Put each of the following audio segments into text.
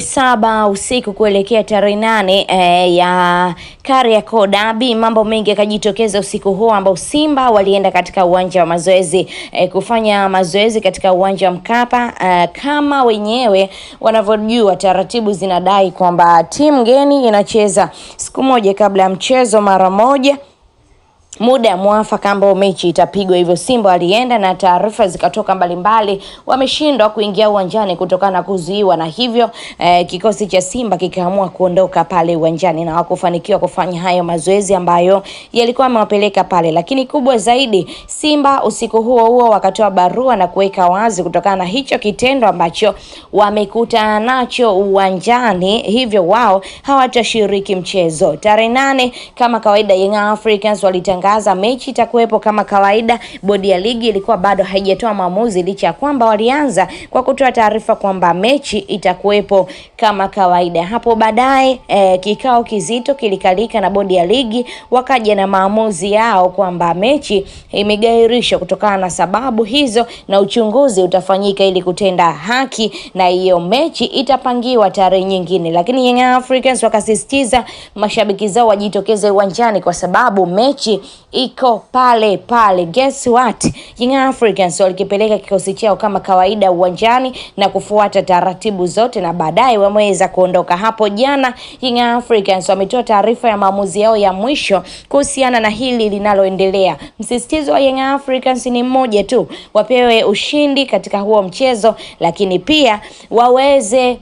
Saba usiku kuelekea tarehe nane e, ya Kariakoo Derby, mambo mengi yakajitokeza usiku huo ambao Simba walienda katika uwanja wa mazoezi e, kufanya mazoezi katika uwanja wa Mkapa e, kama wenyewe wanavyojua, taratibu zinadai kwamba timu geni inacheza siku moja kabla ya mchezo mara moja muda mwafaka ambao mechi itapigwa. Hivyo Simba walienda na taarifa zikatoka mbalimbali, wameshindwa kuingia uwanjani kutokana na kuzuiwa, na hivyo eh, kikosi cha Simba kikaamua kuondoka pale uwanjani na wakufanikiwa kufanya hayo mazoezi ambayo yalikuwa amewapeleka pale. Lakini kubwa zaidi, Simba usiku huo huo wakatoa barua na kuweka wazi kutokana na hicho kitendo ambacho wamekutana nacho uwanjani, hivyo wao hawatashiriki mchezo tarehe nane. Kama kawaida, Young Africans walitanga kutangaza mechi itakuwepo kama kawaida. Bodi ya ligi ilikuwa bado haijatoa maamuzi licha ya kwamba walianza kwa kutoa taarifa kwamba mechi itakuwepo kama kawaida. Hapo baadaye e, kikao kizito kilikalika na bodi ya ligi, wakaja na maamuzi yao kwamba mechi imegairishwa kutokana na sababu hizo, na uchunguzi utafanyika ili kutenda haki, na hiyo mechi itapangiwa tarehe nyingine. Lakini Young Africans wakasisitiza mashabiki zao wajitokeze uwanjani kwa sababu mechi iko pale pale. Guess what? Young Africans walikipeleka kikosi chao kama kawaida uwanjani na kufuata taratibu zote, na baadaye wameweza kuondoka. Hapo jana Young Africans wametoa taarifa ya maamuzi yao ya mwisho kuhusiana na hili linaloendelea. Msisitizo wa Young Africans ni mmoja tu, wapewe ushindi katika huo mchezo, lakini pia waweze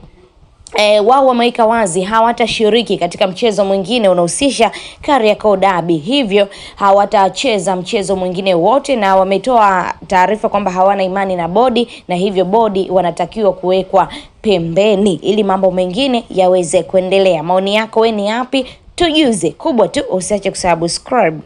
eh, wao wameweka wazi hawatashiriki katika mchezo mwingine unahusisha Kariakoo Derby, hivyo hawatacheza mchezo mwingine wote, na wametoa taarifa kwamba hawana imani na bodi na hivyo bodi wanatakiwa kuwekwa pembeni ili mambo mengine yaweze kuendelea. Maoni yako we ni yapi? Tujuze. Kubwa tu usiache kusubscribe.